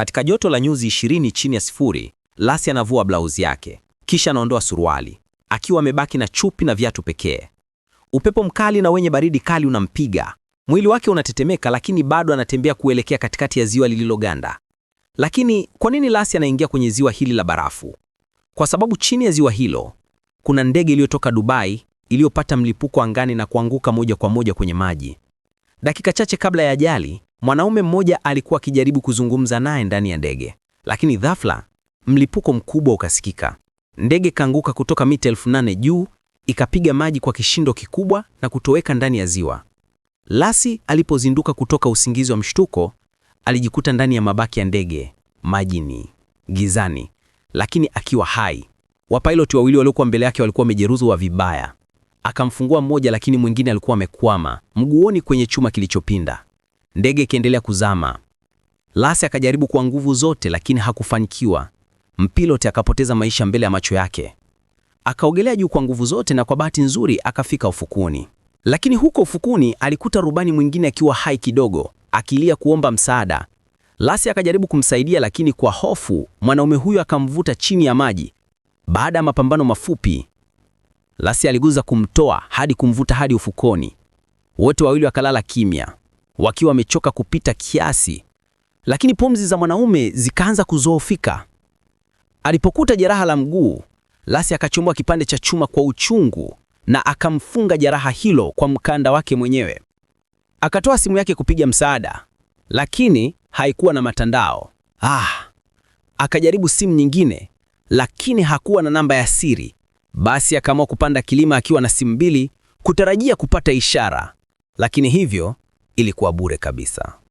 Katika joto la nyuzi 20 chini ya sifuri, Lasi anavua blauzi yake, kisha anaondoa suruali akiwa amebaki na chupi na viatu pekee. Upepo mkali na wenye baridi kali unampiga mwili wake, unatetemeka, lakini bado anatembea kuelekea katikati ya ziwa lililoganda. Lakini kwa nini Lasi anaingia kwenye ziwa hili la barafu? Kwa sababu chini ya ziwa hilo kuna ndege iliyotoka Dubai iliyopata mlipuko angani na kuanguka moja kwa moja kwenye maji. Dakika chache kabla ya ajali, Mwanaume mmoja alikuwa akijaribu kuzungumza naye ndani ya ndege, lakini ghafla mlipuko mkubwa ukasikika. Ndege kaanguka kutoka mita elfu nane juu, ikapiga maji kwa kishindo kikubwa na kutoweka ndani ya ziwa. Lasi alipozinduka kutoka usingizi wa mshtuko, alijikuta ndani ya mabaki ya ndege, majini, gizani, lakini akiwa hai. Wapiloti wawili waliokuwa mbele yake walikuwa wamejeruhiwa vibaya. Akamfungua mmoja, lakini mwingine alikuwa amekwama mguoni kwenye chuma kilichopinda. Ndege ikiendelea kuzama. Lase akajaribu kwa nguvu zote, lakini hakufanikiwa. Mpilote akapoteza maisha mbele ya macho yake. Akaogelea juu kwa nguvu zote, na kwa bahati nzuri akafika ufukuni. Lakini huko ufukuni alikuta rubani mwingine akiwa hai kidogo, akilia kuomba msaada. lasi akajaribu kumsaidia, lakini kwa hofu mwanaume huyo akamvuta chini ya maji. Baada ya mapambano mafupi, lasi aliguza kumtoa hadi kumvuta hadi ufukoni. Wote wawili wakalala kimya wakiwa wamechoka kupita kiasi, lakini pumzi za mwanaume zikaanza kuzoofika. Alipokuta jeraha la mguu, Lasi akachomoa kipande cha chuma kwa uchungu na akamfunga jeraha hilo kwa mkanda wake mwenyewe. Akatoa simu yake kupiga msaada, lakini haikuwa na matandao. Ah, akajaribu simu nyingine, lakini hakuwa na namba ya siri. Basi akaamua kupanda kilima akiwa na simu mbili, kutarajia kupata ishara, lakini hivyo ilikuwa bure kabisa.